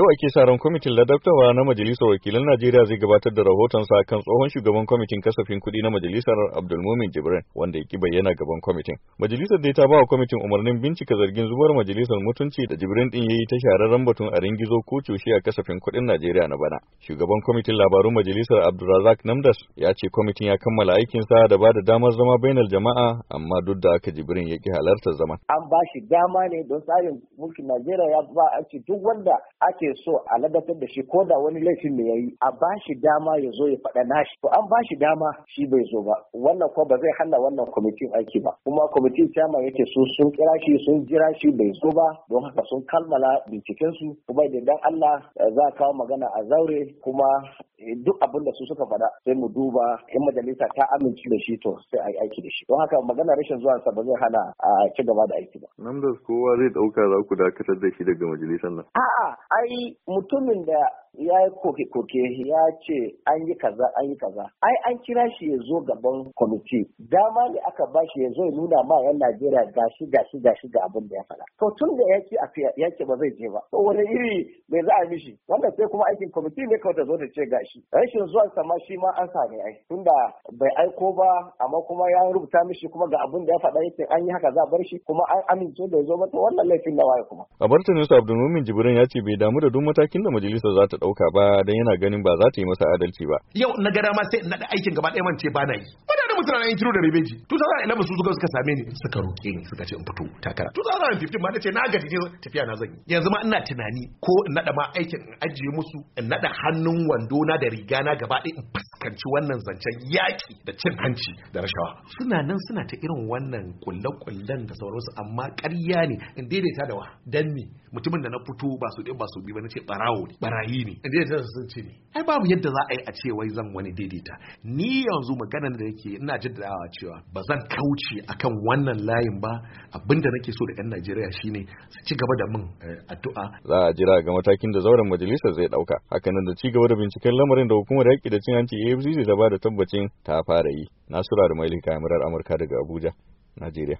Yau ake sa ran kwamitin ladabtawa na Majalisar Wakilan Najeriya zai gabatar da rahotonsa kan tsohon shugaban kwamitin kasafin kuɗi na majalisar Abdulmumin Jibrin wanda ya ki bayyana gaban kwamitin. Majalisar dai ta ba wa kwamitin umarnin bincika zargin zubar majalisar mutunci da Jibrin din yayi ta shararren batun a ringizo ko cushe a kasafin kuɗin Najeriya na bana. Shugaban kwamitin labarun majalisar Abdulrazak Namdas ya ce kwamitin ya kammala aikin sa da ba da damar zama bainar jama'a amma duk da haka Jibrin ya ki halartar zaman. An ba shi dama ne don tsarin mulkin Najeriya ya ba a ce duk wanda ake so a ladatar da shi ko da wani laifin da yi a ba shi dama ya zo ya faɗa nashi to an ba shi dama shi bai zo ba wannan ko ba zai hana wannan kwamitin aiki ba kuma kwamitin chama yake so sun kira shi sun jira shi bai zo ba don haka sun kalmala binciken su kuma idan Allah eh, za a kawo magana a zaure kuma Eh, duk abin da su suka faɗa sai mu duba in majalisa ta amince da shi to sai a yi aiki da shi don haka magana rashin zuwa sa ba zai hana a ci gaba da aiki ba nan da kowa zai dauka za ku dakatar da shi daga majalisar nan a'a ai mutumin da ya yi koke-koke ya ce an yi kaza an yi kaza ai an kira shi ya zo gaban kwamiti dama ne aka ba shi ya zo ya nuna ma yan Najeriya gashi gashi gashi ga abin da ya faɗa to tun da yake a yake ba zai je ba to wani iri mai za a mishi Wanda sai kuma aikin kwamiti ne kawai ta zo ta ce gashi shi rashin zuwan sa ma shi ma an same ai tunda bai aiko ba amma kuma ya rubuta mishi kuma ga abin da ya faɗa yake an yi haka za bar shi kuma an amince da ya zo mata wannan laifin na waye kuma a bartaninsa abdulmumin jibrin ya ce bai damu da duk matakin da Majalisa za ta ɗauka ba dan yana ganin ba za ta yi masa adalci ba yau na gara ma sai na aikin gaba ɗaya man ce ba na yi mutum na yin kiro da ribeji 2011 su suka suka same ni suka roke ni suka ce in fito takara 2015 ma na ce na gaji ne tafiya na zan yanzu ma ina tunani ko in nada ma aikin in ajiye musu in nada hannun wando na da riga na gaba ɗaya in fuskanci wannan zancen yaki da cin hanci da rashawa suna nan suna ta irin wannan kulle-kullen da sauransu amma ƙarya ne in daidaita da wa dan me mutumin da na fito ba su ɗin ba su bi ba na ce barawo ne barayi ne daidaita sun ce ne ai babu yadda za a yi a ce wai zan wani daidaita ni yanzu maganar da yake ina jaddadawa cewa ba zan kauce akan wannan layin ba abinda nake so da yan Najeriya shine su ci gaba da min eh, addu'a za a jira ga matakin da zauren majalisar zai dauka hakanan da ci gaba da binciken lamarin da hukumar yaƙi da cin hanci AFCC ta ba tabbacin ta fara yi Nasura da Mailika Amurka daga Abuja Najeriya